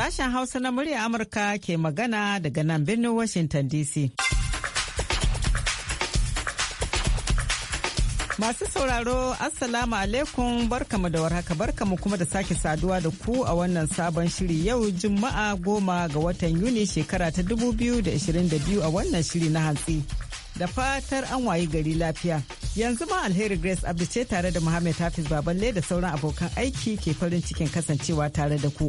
Sashen Hausa na murya Amurka ke magana daga nan birnin Washington DC. Masu sauraro, Assalamu alaikum barkamu da warhaka barkamu kuma da sake saduwa da ku a wannan sabon shiri yau Juma'a goma ga watan Yuni shekara ta 2022 a wannan shiri na hantsi. Da fatar an wayi gari lafiya. Yanzu ma alheri Grace Abdi ce tare da Muhammad Hafiz Baballe da sauran abokan aiki ke farin cikin kasancewa tare da ku.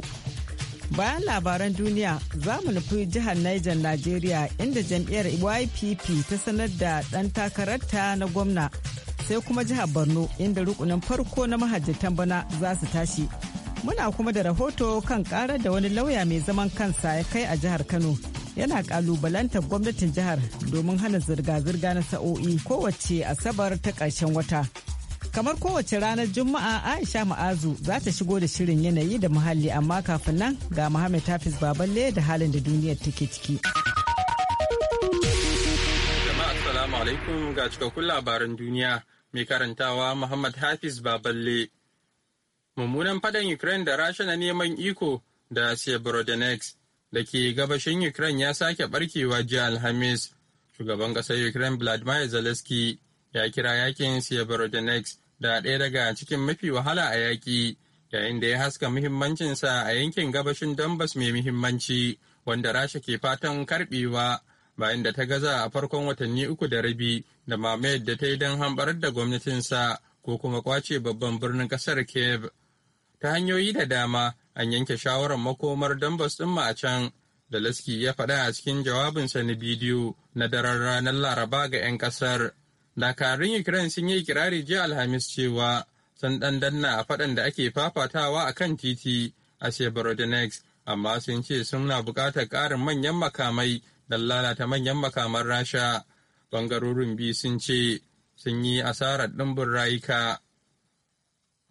Bayan labaran duniya za mu nufi jihar Niger Najeriya inda jam'iyyar YPP ta sanar da ɗan takararta na gwamna sai kuma jihar Borno inda rukunin farko na mahajjatan bana za su tashi. Muna kuma da rahoto kan karar da wani lauya mai zaman kansa ya kai a jihar Kano. Yana kalubalantar gwamnatin jihar domin hana zirga-zirga na sa'o'i kowace asabar ta ƙarshen wata. Kamar kowace ranar Juma'a Aisha Ma'azu za ta shigo da shirin yanayi da muhalli amma kafin nan ga Muhammad Hafiz Baballe da halin da duniyar take ciki. Jama'a Assalamu alaikum ga cikakkun labaran duniya mai karantawa Muhammad Hafiz Baballe. Mummunan fadan Ukraine da Rasha na neman iko da sebrodenex da ke gabashin Ukraine ya sake barkewa jiya Alhamis. Shugaban ƙasar Ukraine Vladimir Zelensky ya kira yakin sebrodenex da ɗaya daga cikin mafi wahala a yaƙi yayin da ya haska muhimmancinsa a yankin gabashin donbas mai muhimmanci wanda Rasha ke fatan karɓewa bayan da ta gaza a farkon watanni uku da rabi da mamayar da ta yi don hambarar da gwamnatinsa ko kuma kwace babban birnin ƙasar Kiev. Ta hanyoyi da dama an yanke shawarar makomar donbas ɗin ma a can da Laski ya faɗa a cikin jawabinsa na bidiyo na daren ranar Laraba ga 'yan ƙasar. dakarun ukraine sun yi kirari jiya alhamis cewa sun dan a faɗan da ake fafatawa a kan titi a severodonetsk amma sun ce suna buƙatar ƙarin manyan makamai don lalata manyan makaman rasha bangarorin biyu sun ce sun yi asarar ɗimbin rayuka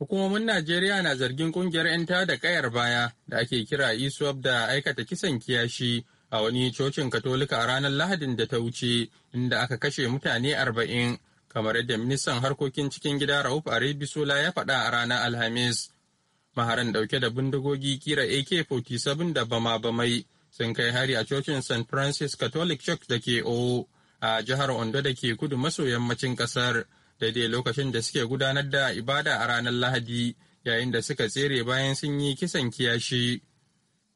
hukumomin najeriya na zargin ƙungiyar 'yan da kayar baya da ake kira isuwab da aikata kisan kiyashi a wani cocin katolika a ranar lahadin da ta wuce inda aka kashe mutane arba'in kamar yadda ministan harkokin cikin gida rauf arebisola ya faɗa a ranar alhamis maharan ɗauke da bindigogi kira ak-47 da bama-bamai sun kai hari a cocin st francis catholic church da ke o a jihar ondo da ke kudu maso yammacin ƙasar daidai lokacin da suke gudanar da ibada a ranar lahadi yayin da suka tsere bayan sun yi kisan kiyashi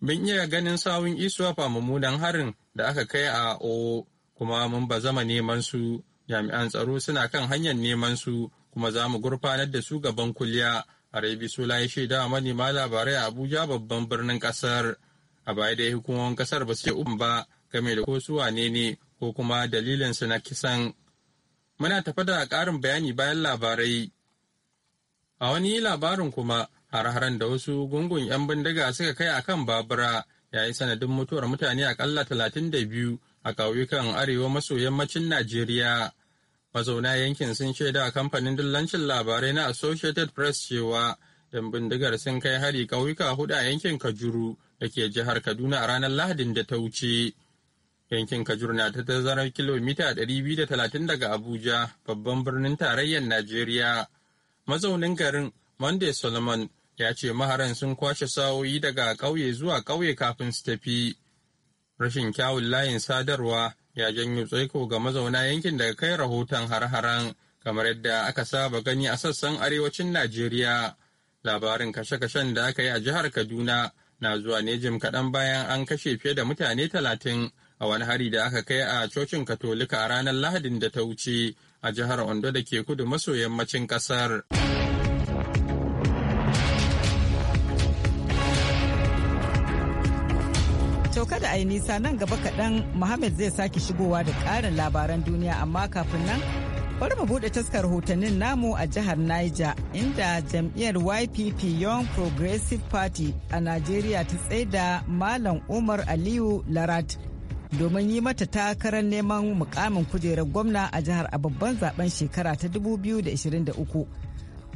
Bin iya ganin sawun isuwa a mummunan harin da aka kai a O kuma mun ba zama neman su jami'an tsaro suna kan hanyar neman su kuma za mu gurfanar da su gaban kuliya rabi Sula ya shaida manema labarai a Abuja babban birnin kasar. A baya da hukumomin kasar ba su yi um ba game da ko su wane ne ko kuma dalilin su na kisan. Muna tafa a ƙarin bayani bayan labarai. A wani labarin kuma har-haren da wasu gungun 'yan bindiga suka kai a kan babura ya yi sanadin mutuwar mutane akalla talatin da biyu a ƙauyukan arewa maso yammacin najeriya mazauna yankin sun shaida a kamfanin dillancin labarai na associated press cewa 'yan bindigar sun kai hari ƙauyuka hudu a yankin kajuru da ke jihar kaduna a ranar lahadin da ta wuce yankin kajuru na ta tazarar kilomita 230 daga abuja babban birnin tarayyar najeriya mazaunin garin monday solomon ya ce maharan sun kwashe sa'o'i daga ƙauye zuwa ƙauye kafin su tafi. Rashin kyawun layin sadarwa ya janyo tsaiko ga mazauna yankin daga kai rahoton har-haren kamar yadda aka saba gani a sassan arewacin Najeriya. Labarin kashe-kashen da aka yi a jihar Kaduna na zuwa ne jim kaɗan bayan an kashe fiye da mutane talatin a wani hari da aka kai a cocin katolika a ranar lahadin da ta wuce a jihar Ondo da ke kudu maso yammacin ƙasar. Sau kada a yi nisa nan gaba kaɗan Muhammad zai sake shigowa da ƙarin labaran duniya amma kafin nan bari mu buɗe taskar rahotannin namu a jihar Niger inda jam'iyyar YPP Young Progressive Party a Najeriya ta tsaida Malam Umar Aliyu Larat domin yi mata takarar neman mukamin kujerar gwamna a jihar a babban zaben shekara ta 2023.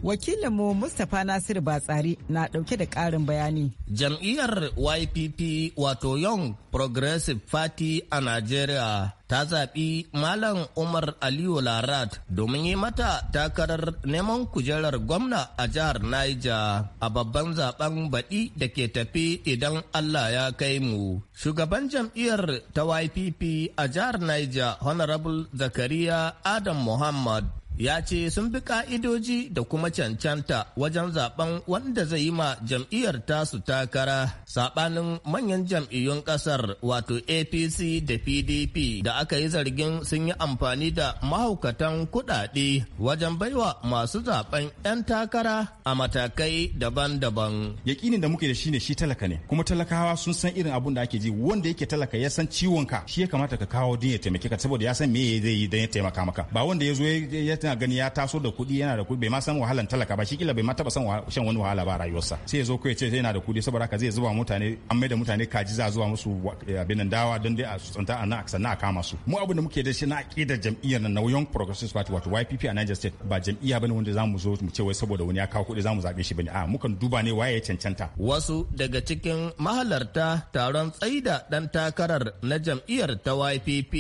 wakilinmu mustapha nasiru batsari na ɗauke da ƙarin bayani jam'iyyar ypp wato young progressive party a nigeria ta zaɓi malam umar aliyu larat domin yi mata takarar neman kujerar gwamna a jihar Niger a babban zaben baɗi da ke tafi idan allah ya kai mu shugaban jam'iyyar ta ypp a jihar Niger honorable zakariya adam muhammad ya ce sun bi ka'idoji da kuma cancanta wajen zaben wanda zai yi ma jam'iyyar tasu takara sabanin manyan jam'iyyun kasar wato apc da pdp da aka yi zargin sun yi amfani da mahaukatan kudade wajen baiwa masu zaben 'yan takara a matakai daban-daban yakinin da muke da shi ne shi talaka ne kuma talakawa sun san irin abun da ake ji wanda yake talaka ya san ciwon shi ya kamata ka kawo din ya taimake ka saboda ya san me zai yi don ya taimaka maka ba wanda ya zo ya suna gani ya taso da kuɗi yana da kuɗi bai ma san wahalan talaka ba shi kila bai ma taba san shan wani wahala ba rayuwarsa sai ya zo kai ce yana da kuɗi saboda haka zai zuba mutane an mai da mutane kaji za zuwa musu eh, abin dawa don dai a tsanta a nan sannan a kama su mu abin da muke da shi na aƙida jam'iyyar nan na Young Progressive Party wato YPP a Niger State ba jam'iyya bane wanda zamu zo mu ce wai saboda wani ya kawo kuɗi zamu zabe shi bane a mukan duba ne waye ya cancanta wasu daga cikin mahalarta taron tsaida dan takarar na jam'iyyar ta YPP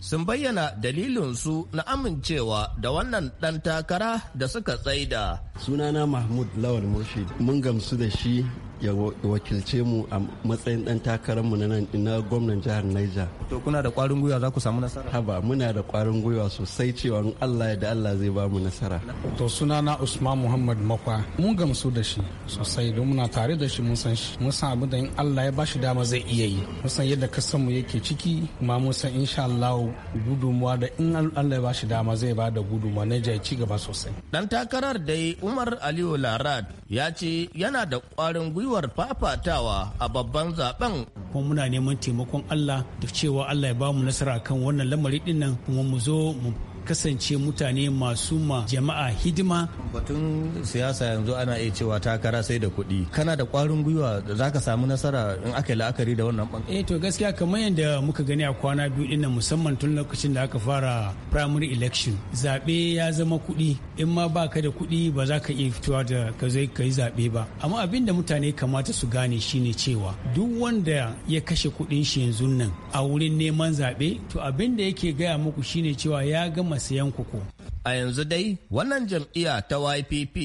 sun bayyana dalilinsu na amincewa da wannan ɗan takara da suka tsaida. Sunana Mahmud Lawal Murshid mun gamsu da shi ya wakilce mu a matsayin dan takararmu na nan na gwamnan jihar Niger. To kuna da kwarin gwiwa za ku samu nasara? Haba muna da kwarin gwiwa sosai cewa in Allah ya da Allah zai ba mu nasara. To sunana Usman Muhammad Makwa mun gamsu da shi sosai don muna tare da shi mun san shi mun san abin da in Allah ya bashi dama zai iya yi mun san yadda kasan mu yake ciki kuma mun san insha Allah gudunmuwa da in Allah ya bashi dama zai ba da gudunmuwa na ya ci gaba sosai. Dan takarar dai Umar Aliyu Larad ya ce yana da kwarin gwiwa gwiwar fafatawa a babban zaben. Kuma muna neman taimakon Allah da cewa Allah ya mu nasara kan wannan lamari dinnan kuma mu zo mu kasance mutane masu ma jama'a hidima batun siyasa yanzu ana iya cewa takara sai da kuɗi kana da ƙwarin gwiwa za ka samu nasara in aka yi la'akari da wannan ɓangare eh to gaskiya kamar yadda muka gani a kwana biyu ɗin musamman tun lokacin da aka fara primary election zaɓe ya zama kuɗi in ma ba ka da kuɗi ba za ka iya fitowa da ka zai ka yi zaɓe ba amma abin da mutane kamata su gane shine cewa duk wanda ya kashe kuɗin shi yanzu nan a wurin neman zaɓe to abin da yake gaya muku shine cewa ya gama masu yankuku. A yanzu dai wannan jam'iyya ta YPP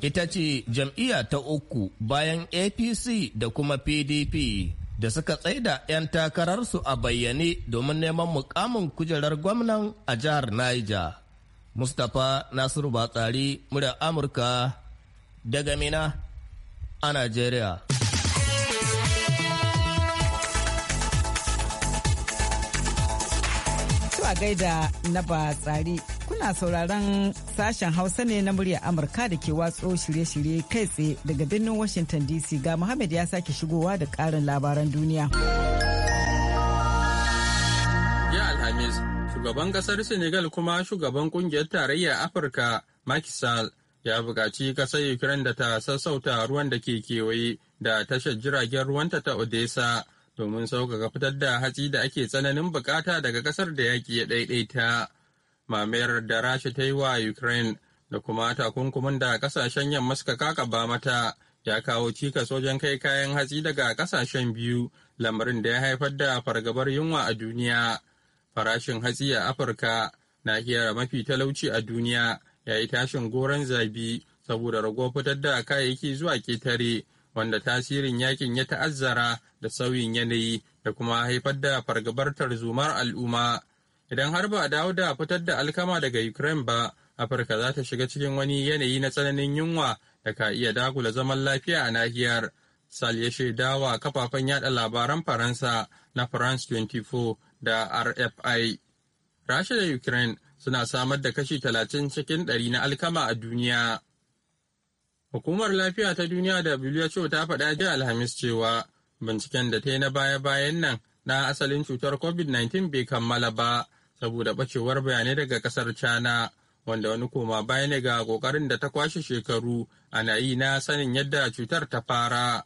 ita ce jam'iyya ta uku bayan APC da kuma PDP da suka tsaida 'yan takararsu a bayyane domin neman mukamin kujerar gwamnan a jihar Niger. Mustapha Nasiru Batsari, murya Amurka daga Mina a Najeriya. gaida na ba tsari kuna sauraron sashen hausa ne na murya amurka da ke watso shirye-shirye kai tsaye daga birnin washington dc ga muhammad ya sake shigowa da karin labaran duniya ya alhamis shugaban kasar senegal kuma shugaban kungiyar tarayyar afirka makisal ya bukaci kasar ukraine da ta sassauta ruwan da ke kewaye da tashar jiragen ruwanta ta odessa domin sauƙaƙa fitar da hatsi da ake tsananin bukata daga ƙasar da yaƙi ya ɗaiɗaita. Mamayar da Rasha ta yi wa Ukraine da kuma takunkumin da ƙasashen yamma suka kakaba mata ya kawo cikas wajen kai kayan hatsi daga ƙasashen biyu lamarin da ya haifar da fargabar yunwa a duniya. Farashin hatsi a Afirka nahiyar mafi talauci a duniya ya yi tashin goron zabi saboda rago fitar da kayayyaki zuwa ƙetare. wanda tasirin yakin ya ta'azzara da sauyin yanayi da kuma haifar da fargabar zumar al'umma idan har ba a dawo da fitar da alkama daga ukraine ba afirka za ta shiga cikin wani yanayi na tsananin yunwa da ka iya dagula zaman lafiya a nahiyar sal ya shaidawa kafafen yada labaran faransa na france 24 da rfi rasha da ukraine suna samar da kashi talatin cikin 100 na alkama a duniya Hukumar Lafiya ta Duniya da WHO ta faɗa jiya Alhamis cewa binciken da ta yi na baya-bayan nan na asalin cutar COVID-19 bai kammala ba saboda ɓacewar bayanai daga ƙasar China wanda wani koma baya ne ga ƙoƙarin da ta kwashe shekaru ana yi na sanin yadda cutar ta fara.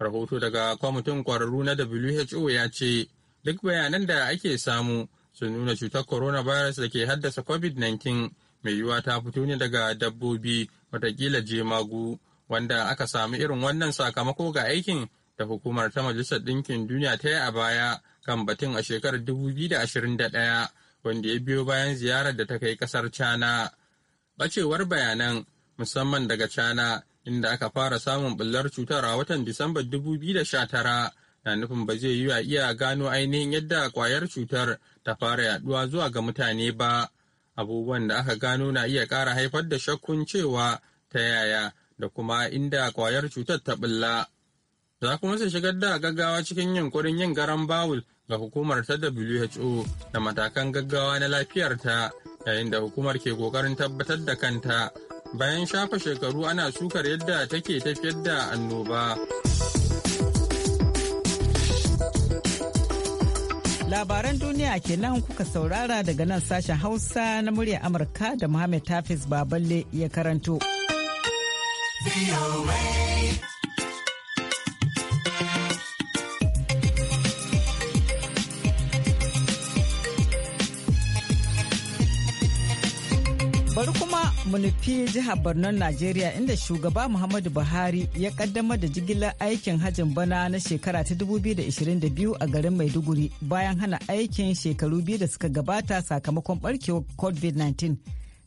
Rahoto daga kwamitin ƙwararru na WHO ya ce duk bayanan da ake samu sun nuna cutar coronavirus da ke haddasa COVID-19 mai yiwuwa ta fito ne daga dabbobi watakila jemagu wanda aka samu irin wannan sakamako ga aikin da hukumar ta majalisar ɗinkin duniya ta yi a baya kan batun a shekarar 2021 wanda ya biyo bayan ziyarar da ta kai ƙasar cana bacewar bayanan musamman daga cana inda aka fara samun bullar cutar a watan disambar 2019 na nufin ba zai yi wa iya gano ainihin yadda kwayar cutar ta fara yaduwa zuwa ga mutane ba abubuwan da aka gano na iya ƙara haifar da shakkun cewa ta yaya da kuma inda kwayar cutar ta ɓulla. Za kuma su shigar da gaggawa cikin yunkurin yin garan bawul ga hukumar ta WHO da matakan gaggawa na lafiyarta yayin da hukumar ke ƙoƙarin tabbatar da kanta bayan shafa shekaru ana sukar yadda take tafiyar da annoba. Labaran duniya kenan kuka saurara daga nan sashen Hausa na muryar Amurka da Muhammad Tafis Baballe ya karanto. mu nufi jihar Borno Najeriya inda shugaba Muhammadu Buhari ya kaddamar da jigilar aikin hajin bana na shekara ta 2022 a garin Maiduguri bayan hana aikin shekaru biyu da suka gabata sakamakon barkewar COVID-19.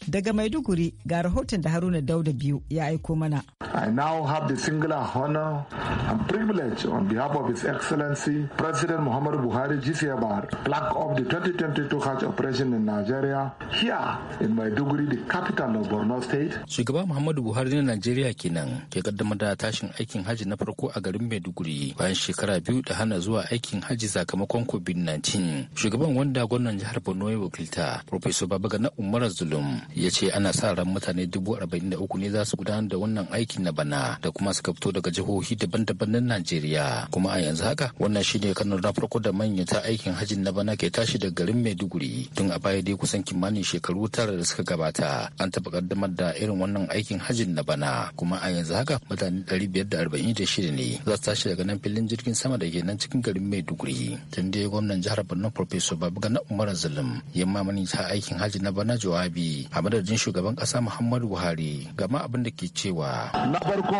Daga Maiduguri ga rahoton da Haruna Dauda biyu ya aiko mana. I now have the singular honor and privilege on behalf of His Excellency President Muhammadu Buhari GCFR, plaque of the 2022 Hajj operation in Nigeria here in Maiduguri, the capital of Borno State. Shugaba Muhammadu Buhari na Najeriya kenan ke kaddama da tashin aikin hajji na farko a garin Maiduguri bayan shekara biyu da hana zuwa aikin hajji sakamakon COVID-19. Shugaban wanda gwamnan jihar Borno ya wakilta, Professor Babagana Umar Zulum ya ce ana sa ran mutane dubu arba'in da uku ne za su gudanar da wannan aiki na bana da kuma suka fito daga jihohi daban-daban na najeriya kuma a yanzu haka wannan shine kano na farko da ta aikin hajji na bana ke tashi daga garin maiduguri tun a baya dai kusan kimanin shekaru tara da suka gabata an taɓa kaddamar da irin wannan aikin hajjin na bana kuma a yanzu haka mutane ɗari biyar da arba'in da shida ne za su tashi daga nan filin jirgin sama da ke nan cikin garin maiduguri tun dai gwamnan jihar borno professor babu gana umar zulum ya mamani ta aikin hajji na bana jawabi a madadin shugaban kasa muhammadu buhari gama abin da ke cewa na farko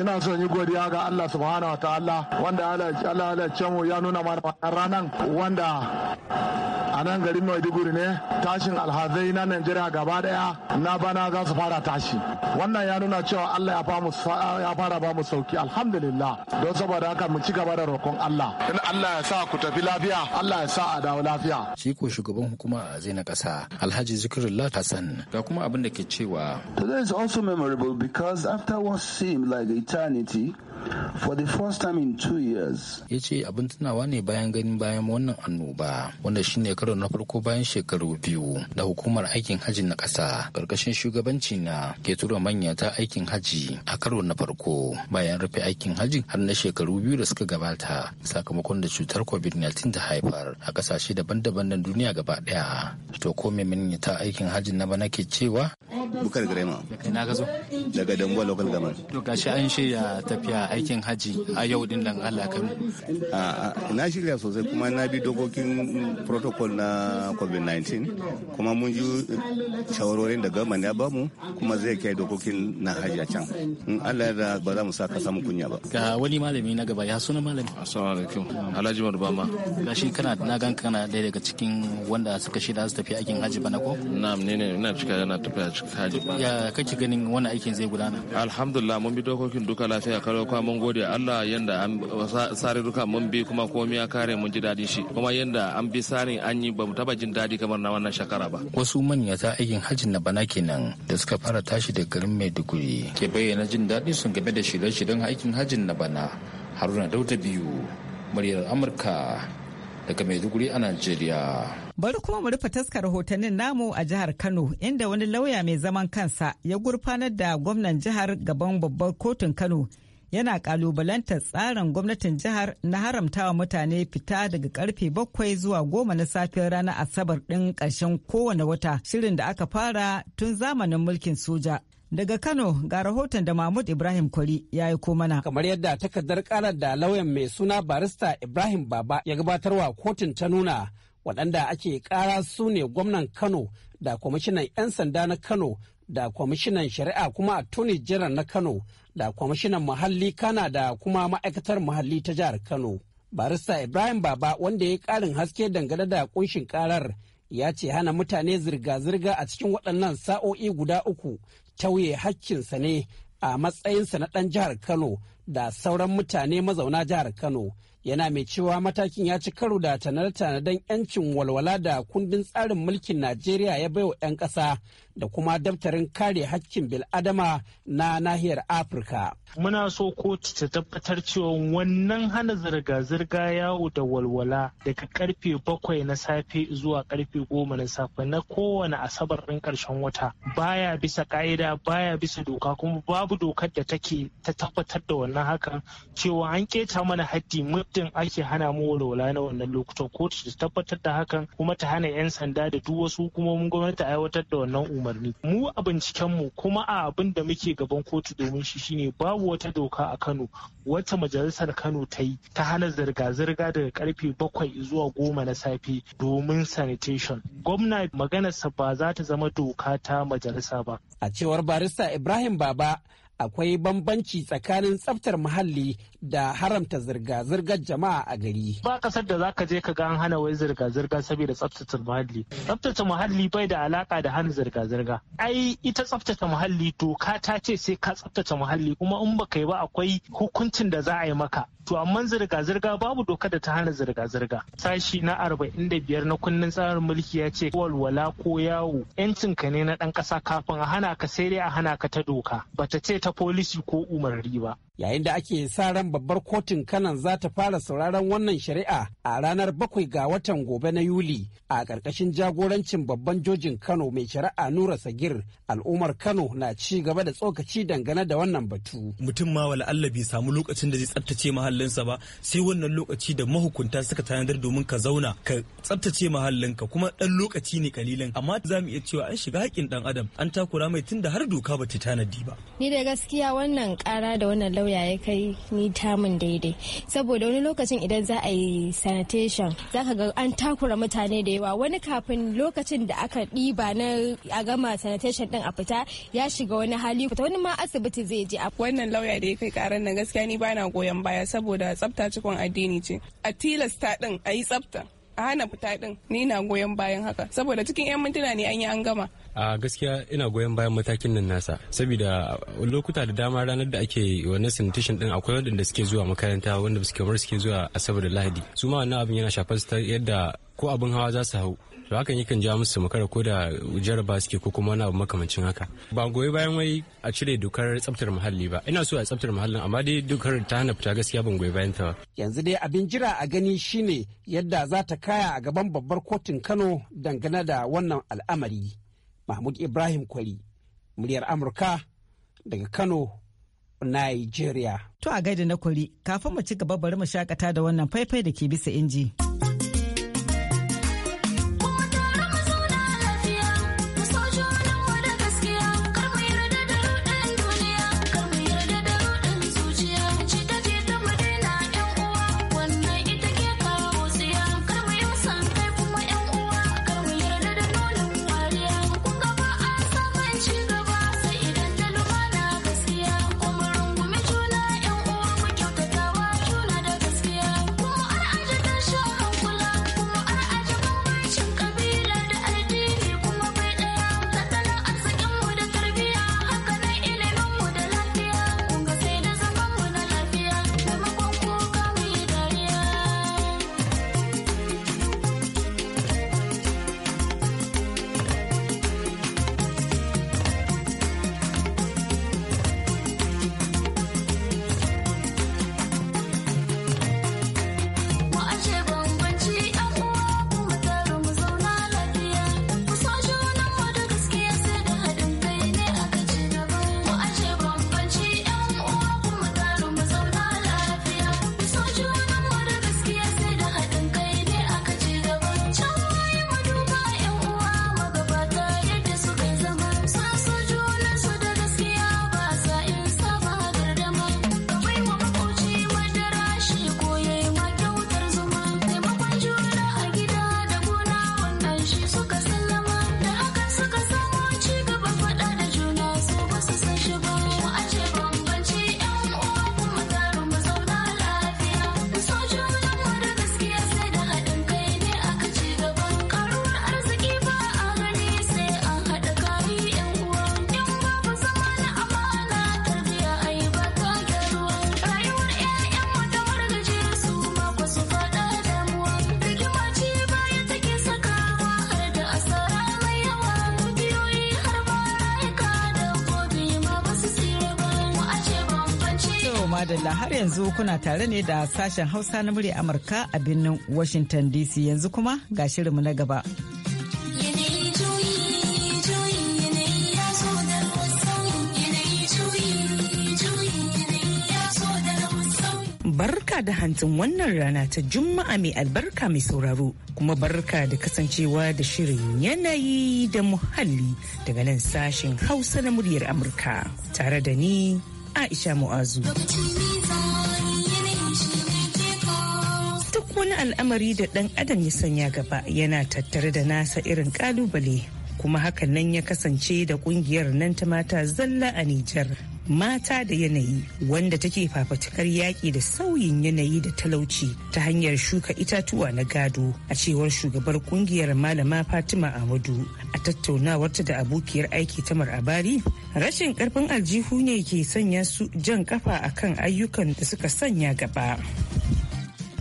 ina son yi godiya ga allah subhanahu wa ta'ala wanda allah mu ya nuna mana wannan ranar wanda a nan garin maiduguri ne tashin alhazai na najeriya gaba daya na bana za su fara tashi wannan ya nuna cewa allah ya fara ba mu sauki alhamdulillah don saboda haka mu ci gaba da roƙon allah in allah ya sa ku tafi lafiya allah ya sa a dawo lafiya shi ko shugaban hukuma a zai na ƙasa alhaji zikirullah hassan ga kuma abin da ke cewa. Today is also memorable because after what seemed like eternity, for the first time in two years. Ya ce abin tunawa ne bayan ganin bayan wannan annoba wanda shine karo na farko bayan shekaru biyu da hukumar aikin hajji na ƙasa ƙarƙashin shugabanci na ke tura manya ta aikin hajji a karo na farko bayan rufe aikin hajji har na shekaru biyu da suka gabata sakamakon da cutar covid-19 ta haifar a ƙasashe daban-daban na duniya gaba ɗaya. To ko mai ta aikin hajji na bana nake cewa bukar grema na gazo daga dangwa local government to gashi an shirya tafiya aikin haji a yau din nan Allah kan na shirya sosai kuma na bi dokokin protocol na covid-19 kuma mun ji shawarorin da government ya bamu kuma zai kai dokokin na haji a can in Allah ya ba za mu sa samu kunya ba ga wani malami na gaba ya suna malami assalamu alaikum alhaji marbama gashi kana na ganka kana daya daga cikin wanda suka shirya su tafi aikin haji bana ko na'am ne ne ina cika yana tafiya cika alhaji ya kace ganin wani aikin zai gudana alhamdulillah mun bi dokokin duka lafiya karo kuma mun gode Allah yanda an sare duka mun bi kuma komai ya kare mun ji dadin shi kuma yanda an bi sarin an yi bamu taba jin dadi kamar na wannan shekara ba wasu manya manyata aikin hajjin na bana kenan da suka fara tashi da garin Maiduguri ke bayyana jin dadi sun game da shirye-shiryen aikin hajjin na bana Haruna Dauda biyu muryar Amurka daga Maiduguri a Najeriya Bari kuma mu rufe taskar rahotannin namu a jihar Kano inda wani lauya mai zaman kansa ya gurfanar da gwamnan jihar gaban babbar kotun Kano yana kalubalantar tsarin gwamnatin jihar na haramtawa mutane fita daga karfe bakwai zuwa goma na safiyar ranar asabar ɗin karshen kowane wata shirin da aka fara tun zamanin mulkin soja. Daga Kano ga rahoton da Mahmud Ibrahim Kwari ya yi mana. Kamar yadda takardar karar da lauyan mai suna barista Ibrahim Baba ya gabatarwa kotun ta nuna waɗanda ake ƙara su ne gwamnan kano da kwamishinan 'yan sanda na kano da kwamishinan shari'a kuma attorney general na kano da kwamishinan muhalli kana da kuma ma'aikatar muhalli ta jihar kano barista ibrahim baba wanda ya ƙarin haske dangane da ƙunshin ƙarar ya ce hana mutane zirga-zirga a cikin waɗannan sa'o'i guda uku tauye hakkinsa ne a matsayinsa na ɗan jihar kano da sauran mutane mazauna jihar kano yana mai cewa matakin ya ci karo da tanar-tanadan 'yancin walwala da kundin tsarin mulkin najeriya ya baiwa 'yan ƙasa da kuma daftarin kare hakkin bil'adama na nahiyar afirka muna so kotu ta tabbatar cewa wannan hana zirga-zirga yawo da walwala daga karfe bakwai na safe zuwa karfe goma na safe na kowane asabar ɗin ƙarshen wata baya bisa ƙa'ida baya bisa doka kuma babu dokar da take ta tabbatar da wannan hakan cewa an keta mana haddi din ake hana mu walwala na wannan lokutan kotu ta tabbatar da hakan kuma ta hana 'yan sanda da duk wasu hukumomin gwamnati aiwatar da wannan umarni mu a binciken mu kuma a abin da muke gaban kotu domin shi shine babu wata doka a Kano wata majalisar Kano ta yi ta hana zirga-zirga daga karfe bakwai zuwa goma na safe domin sanitation gwamna maganarsa ba za ta zama doka ta majalisa ba a cewar barista Ibrahim Baba akwai bambanci tsakanin tsaftar muhalli da haramta zirga-zirgar jama'a a gari. Ba kasar da za ka je ka ga hana wai zirga-zirga saboda tsaftace muhalli. Tsaftace muhalli bai da alaka da hana zirga-zirga. Ai ita tsaftace muhalli doka ta ce sai ka tsaftace muhalli kuma in baka yi ba akwai hukuncin da za a yi maka. to amma zirga-zirga babu doka da ta hana zirga-zirga sashi na arba'in da biyar na kundin tsarin mulki ya ce walwala ko yawo yancin ka ne na ɗan ƙasa kafin a hana ka sai dai a hana ka ta doka bata ce ta polisi ko umarni ba yayin da ake sa ran babbar kotun kanan za ta fara sauraron wannan shari'a a ranar bakwai ga watan gobe na yuli a ƙarƙashin jagorancin babban jojin kano mai shari'a nura sagir al'ummar kano na ci gaba da tsokaci dangane da wannan batu mutum ma wala Allah bai samu lokacin da zai tsabtace mahallinsa ba sai wannan lokaci da mahukunta suka tanadar domin ka zauna ka tsaftace mahallinka kuma ɗan lokaci ne kalilan amma za mu iya cewa an shiga haƙƙin ɗan adam an takura mai tunda har doka ba ta tanadi ba ni da gaskiya wannan ƙara da wannan sauya ya kai ni tamun daidai saboda wani lokacin idan za a yi sanitation za ka ga an takura mutane da yawa wani kafin lokacin da aka ɗiba na a gama sanitation din a fita ya shiga wani hali fita wani ma asibiti zai je a wannan lauya da ya kai karan nan gaskiya ni bana goyon baya saboda tsafta cikon addini ce a tilasta din a yi tsafta a hana fita din ni na goyon bayan haka saboda cikin 'yan mintuna ne an yi an gama a gaskiya ina goyon bayan matakin nan nasa saboda lokuta da dama ranar da ake wannan sanitation din akwai wadanda suke zuwa makaranta wanda suke bar suke zuwa asabar da lahadi su ma wannan abin yana shafa su yadda ko abin hawa za su hau to hakan yakan ja musu makara ko da jaraba suke ko kuma wani abu makamancin haka ba goyi bayan wai a cire dokar tsaftar muhalli ba ina so a tsaftar muhallin amma dai dokar ta hana fita gaskiya ban goyi bayan ta ba yanzu dai abin jira a gani shine yadda za ta kaya a gaban babbar kotun Kano dangane da wannan al'amari mahmud ibrahim kwari muryar amurka daga kano nigeria to a gaida na kwari kafin mu ci gaba bari mu shakata da wannan faifai da ke bisa inji. har yanzu kuna tare ne da sashen Hausa na murya Amurka a birnin Washington DC yanzu kuma ga shirinmu na gaba. barka da hantin wannan rana ta juma'a mai albarka mai sauraro kuma barka da kasancewa da shirin yanayi da muhalli daga nan sashen hausa na muryar amurka tare da ni aisha mu'azu. wani al'amari da ɗan adam ya sanya gaba yana tattare da nasa irin kalubale kuma hakan nan ya kasance da ƙungiyar nan ta mata zalla a Nijar. Mata da yanayi wanda take fafatukar yaƙi da sauyin yanayi da talauci ta hanyar shuka itatuwa na gado a cewar shugabar kungiyar malama Fatima amadu a tattaunawar ta da abokiyar aiki ta marabari rashin karfin aljihu ne ke sanya su jan kafa akan ayyukan da suka sanya gaba.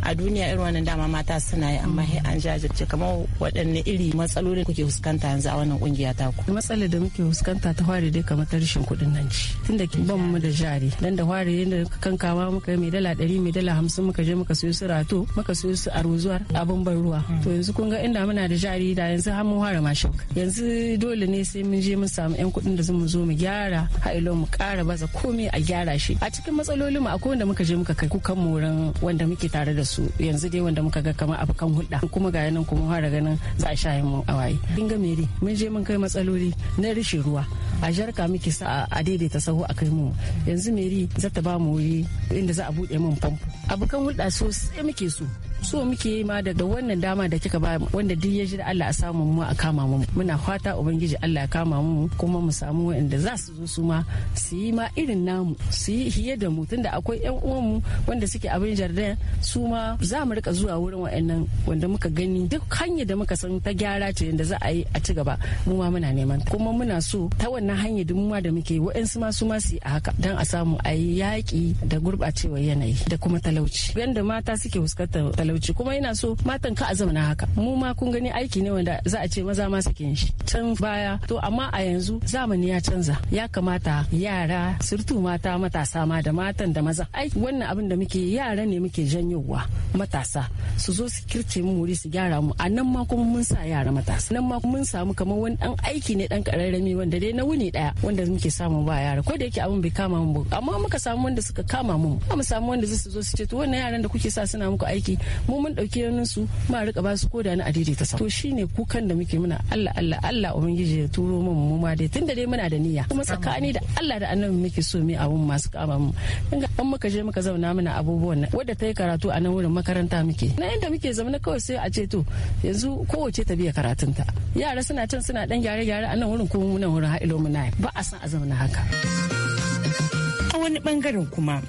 a duniya irin wannan dama mata suna yi amma sai an jajirce kamar waɗanne iri matsaloli kuke fuskanta yanzu a wannan kungiya ta ku matsalar da muke fuskanta ta fari dai kamar ta rashin kuɗin nan ci tunda ki ban mu da jari dan da fari ka kanka ma muka mai dala ɗari mai dala hamsin muka je muka sayo su rato muka sayo su arzuwar abin ban ruwa hmm. to yanzu kun ga inda muna da jari da yanzu har mun fara mashin yanzu dole ne sai mun je mun samu yan kuɗin da mu zo mu gyara hailo mu ƙara baza komai a gyara shi a cikin matsalolin mu akwai wanda muka je muka kai kukan mu wurin wanda muke tare da su su yanzu dai wanda muka ga kamar kan hulɗa kuma ga yanan kuma fara ganin za a shayin mu a waye kin ga meri mun je mun kai matsaloli na rishin ruwa a jarka muke sa a daidaita sahu a kai mu yanzu meri za ta ba mu wuri inda za a buɗe mun famfo kan hulɗa sosai muke so so muke yi ma daga wannan dama da kika ba wanda duk ya ji da Allah a samu mu a kama mu muna fata ubangiji Allah ya kama mu kuma mu samu wanda za su zo su ma su yi ma irin namu su yi hiye da mu tunda akwai yan uwanmu wanda suke abin jardin su ma za mu rika zuwa wurin wa'annan wanda muka gani duk hanya da muka san ta gyara ce da za a yi a ci gaba mu ma muna neman kuma muna so ta wannan hanya duk mu ma da muke wa'ansu ma su ma su yi a haka dan a samu a yi yaƙi da gurɓacewar yanayi da kuma talauci yanda mata suke fuskantar talauci talauci kuma yana so matan ka a na haka mu ma kun gani aiki ne wanda za a ce maza ma suke shi can baya to amma a yanzu zamani ya canza ya kamata yara surtu mata matasa ma da matan da maza ai wannan abin da muke yara ne muke janyowa matasa su zo su kirce mu wuri su gyara mu a nan ma kuma mun sa yara matasa nan ma mun samu kamar wani dan aiki ne dan kararrami wanda dai na wuni daya wanda muke samu ba yara ko da yake abin bai kama mu amma muka samu wanda suka kama mu mu samu wanda su zo su ce to wannan yaran da kuke sa suna muku aiki mu mun ɗauki yanin su ma rika ba su koda na ta sa to shine kukan da muke muna Allah Allah Allah ubangiji ya turo mu mu ma dai tunda dai muna da niyya kuma tsakani da Allah da annabi muke so mu abun masu kama mu in muka je muka zauna muna abubuwan nan wadda ta yi karatu a nan wurin makaranta muke na inda muke zaune kawai sai a ce to yanzu kowace ta biya karatunta yara suna can suna dan gyare-gyare a nan wurin kuma nan wurin ha'ilo muna ba a san a zauna haka a wani bangaren kuma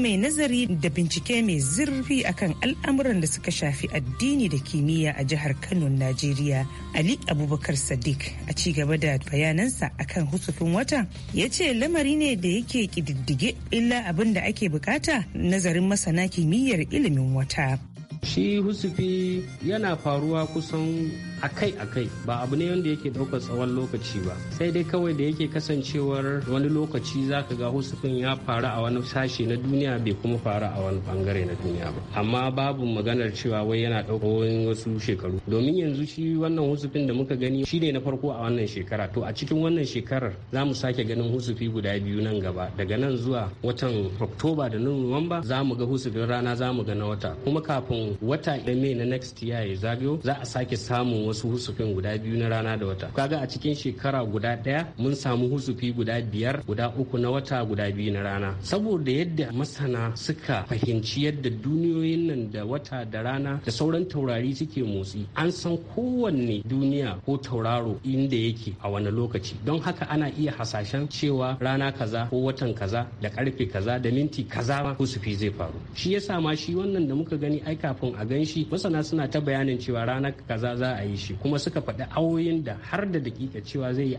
mai nazari da bincike mai zurfi akan al'amuran da suka shafi addini da kimiyya a jihar Kano, Najeriya. Ali Abubakar Sadiq a ci gaba da bayanansa akan husufin wata ya ce lamari ne da yake kididdige illa abin da ake bukata nazarin masana kimiyyar ilimin wata. Shi husufi yana faruwa kusan akai-akai ba abu ne wanda yake ɗaukar tsawon lokaci ba sai dai kawai da yake kasancewar wani lokaci za ka ga husufin ya faru a wani sashe na duniya bai kuma faru a wani bangare na duniya ba amma babu maganar cewa wai yana ɗaukar wasu shekaru domin yanzu shi wannan husufin da muka gani shi ne na farko a wannan shekara to a cikin wannan shekarar za mu sake ganin husufi guda biyu nan gaba daga nan zuwa watan oktoba da nuwamba za mu ga husufin rana za mu ga na wata kuma kafin wata da mai na next year ya zagayo za a sake samun wasu husufin guda biyu na rana da wata kaga a cikin shekara guda ɗaya mun samu husufi guda biyar guda uku na wata guda biyu na rana saboda yadda masana suka fahimci yadda duniyoyin nan da wata da rana da sauran taurari suke motsi an san kowanne duniya ko tauraro inda yake a wani lokaci don haka ana iya hasashen cewa rana kaza ko watan kaza da karfe kaza da minti kaza ma husufi zai faru shi yasa ma shi wannan da muka gani ai kafin a gan shi masana suna ta bayanin cewa ranar kaza za a yi shi kuma suka faɗi awoyin da har da dakika cewa zai yi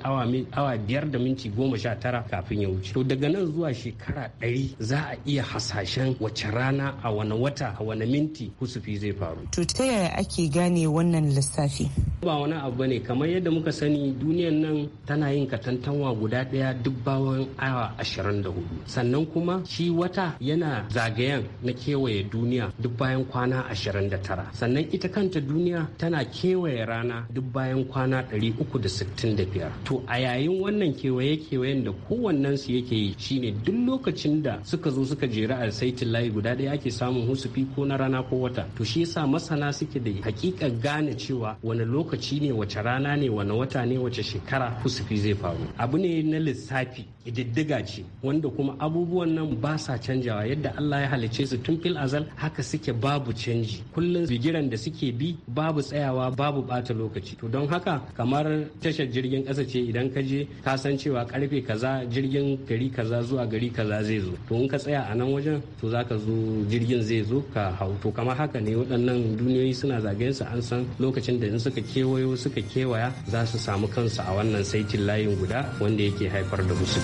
awa biyar da minti goma sha tara kafin ya wuce to daga nan zuwa shekara ɗari za a iya hasashen wace rana a wani wata a wani minti kusufi zai faru to ta yaya ake gane wannan lissafi ba wani abu bane kamar yadda muka sani duniyan nan tana yin katantanwa guda ɗaya duk bawon awa ashirin da hudu sannan kuma shi wata yana zagayen na kewaye duniya duk bayan kwana ashirin da tara sannan ita kanta duniya tana kewaye rana duk bayan kwana 365 to a yayin wannan kewaye-kewayen da kowannen su yake yi shine duk lokacin da suka zo suka jera a saitin layi guda daya ake samun husufi ko na rana ko wata to shi yasa masana suke da hakika gane cewa wani lokaci ne wace rana ne wani wata ne wace shekara husufi zai faru abu ne na lissafi ƙididdiga ce wanda kuma abubuwan nan ba sa canjawa yadda Allah ya halicce su tun fil azal haka suke babu canji kullum bigiran da suke bi babu tsayawa babu bata lokaci to don haka kamar tashar jirgin ƙasa ce idan ka je ka san cewa karfe kaza jirgin gari kaza zuwa gari kaza zai zo to in ka tsaya a nan wajen to zaka zo jirgin zai zo ka hau to kamar haka ne waɗannan duniyoyi suna zagayen su an san lokacin da in suka kewayo suka kewaya za su samu kansu a wannan saitin layin guda wanda yake haifar da musu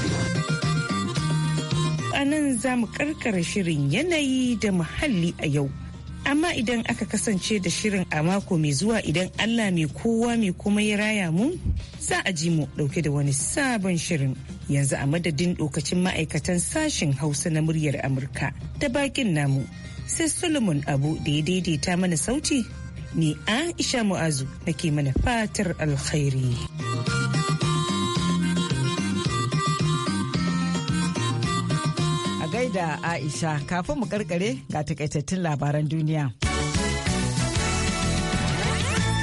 a nan za mu karkara shirin yanayi da muhalli a yau amma idan aka kasance da shirin a mako mai zuwa idan Allah mai kowa mai kuma ya raya mu za a ji mu dauke da wani sabon shirin yanzu a madadin dokacin ma'aikatan sashen hausa na muryar amurka da bakin namu sai solomon abu da ya daidaita mana sauti ni aisha mu'azu nake mana fatar alkhairi. da Aisha kafin mu karkare ga takaitattun labaran duniya.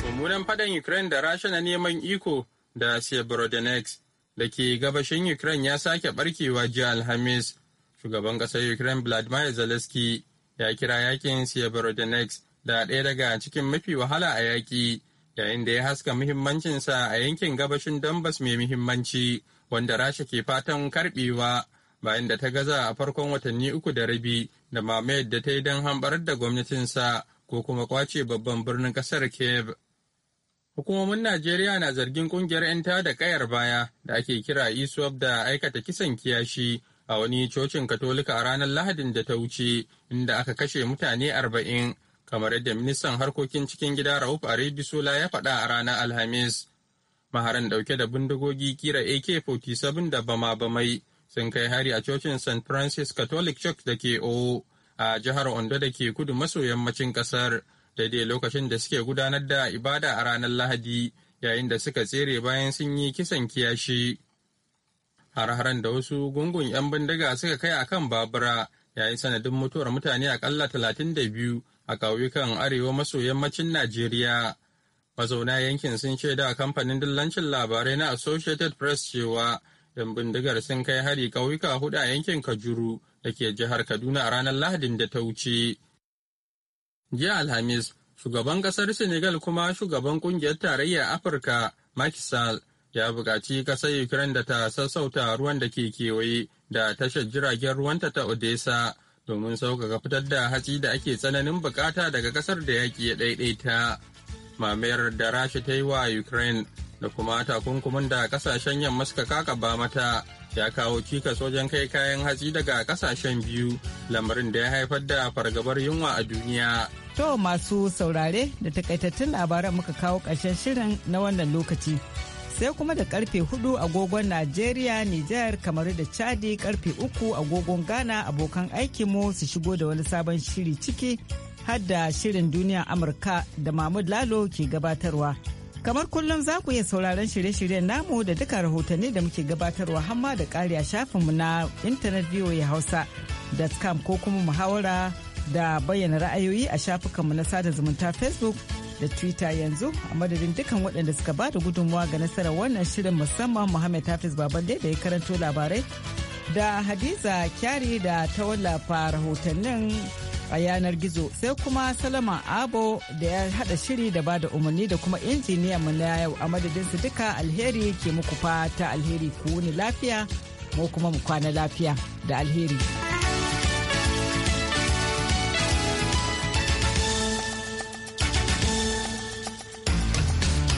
Mummunan fadan Ukraine da Rasha na neman iko da Sebrodenex da ke gabashin Ukraine ya sake barkewa jiya Alhamis. Shugaban ƙasar Ukraine Vladimir Zelensky ya kira yakin Sebrodenex da ɗaya daga cikin mafi wahala a yaƙi yayin da ya haska muhimmancinsa a yankin gabashin Donbass mai muhimmanci wanda Rasha ke fatan karɓewa. bayan da ta gaza a farkon watanni uku da rabi da mamayar da ta yi don hambarar da gwamnatinsa ko kuma kwace babban birnin kasar Kiev. Hukumomin Najeriya na zargin kungiyar 'yan da kayar baya da ake kira ISWAP da aikata kisan kiyashi a wani cocin Katolika a ranar Lahadin da ta wuce inda aka kashe mutane arba'in kamar yadda ministan harkokin cikin gida Rauf Arebisola ya faɗa a ranar Alhamis. Maharan dauke da bindigogi kira AK-47 da bama-bamai sun kai hari a cocin st francis catholic church da ke o a jihar ondo da ke kudu maso yammacin kasar daidai lokacin da suke gudanar da ibada a ranar lahadi yayin da suka tsere bayan sun yi kisan kiyashi har-haren da wasu gungun 'yan bindiga suka kai a kan babura yayin sanadin mutuwar mutane akalla biyu a ƙauyukan arewa maso yammacin najeriya mazauna yankin sun shaida kamfanin dillancin labarai na associated press cewa 'yan bindigar sun kai hari ƙauyuka hudu a yankin Kajuru da ke jihar Kaduna a ranar Lahadin da ta wuce. Jiya Alhamis, shugaban ƙasar Senegal kuma shugaban ƙungiyar tarayyar Afirka Macky ya buƙaci ƙasar Ukraine da ta sassauta ruwan da ke kewaye da tashar jiragen ruwanta ta Odessa domin sauƙaƙa fitar da hatsi da ake tsananin buƙata daga ƙasar da yaƙi ya ɗaiɗaita. Mamayar da Rasha ta yi wa Ukraine da kuma takunkumin da kasashen yamma suka kakaba mata ya kawo cikas wajen kai kayan hatsi daga kasashen biyu lamarin da ya haifar da fargabar yunwa a duniya. To masu saurare da takaitattun labaran muka kawo ƙarshen shirin na wannan lokaci. Sai kuma da karfe hudu agogon Najeriya, Nijar, kamar da Chadi karfe uku agogon Ghana abokan aikinmu su shigo da wani sabon shiri ciki har shirin duniya Amurka da Mahmud Lalo ke gabatarwa. Kamar kullum za ku iya sauraron shirye-shiryen namu da duka rahotanni da muke gabatarwa hamma da ƙari a shafinmu na intanet ya Hausa da scam ko kuma muhawara da bayyana ra'ayoyi a shafukanmu na sada zumunta Facebook da Twitter yanzu a madadin dukkan waɗanda suka ba da gudunmawa ga nasarar wannan shirin musamman Muhammad tafis Baballe da ya karanto labarai da Hadiza Kyari da ta wallafa rahotannin a yanar gizo sai kuma salama abo da ya hada shiri da bada umarni da kuma injiniya mu na yau a madadinsu duka alheri ke muku fata alheri ku wuni lafiya mu kuma mu kwana lafiya da alheri.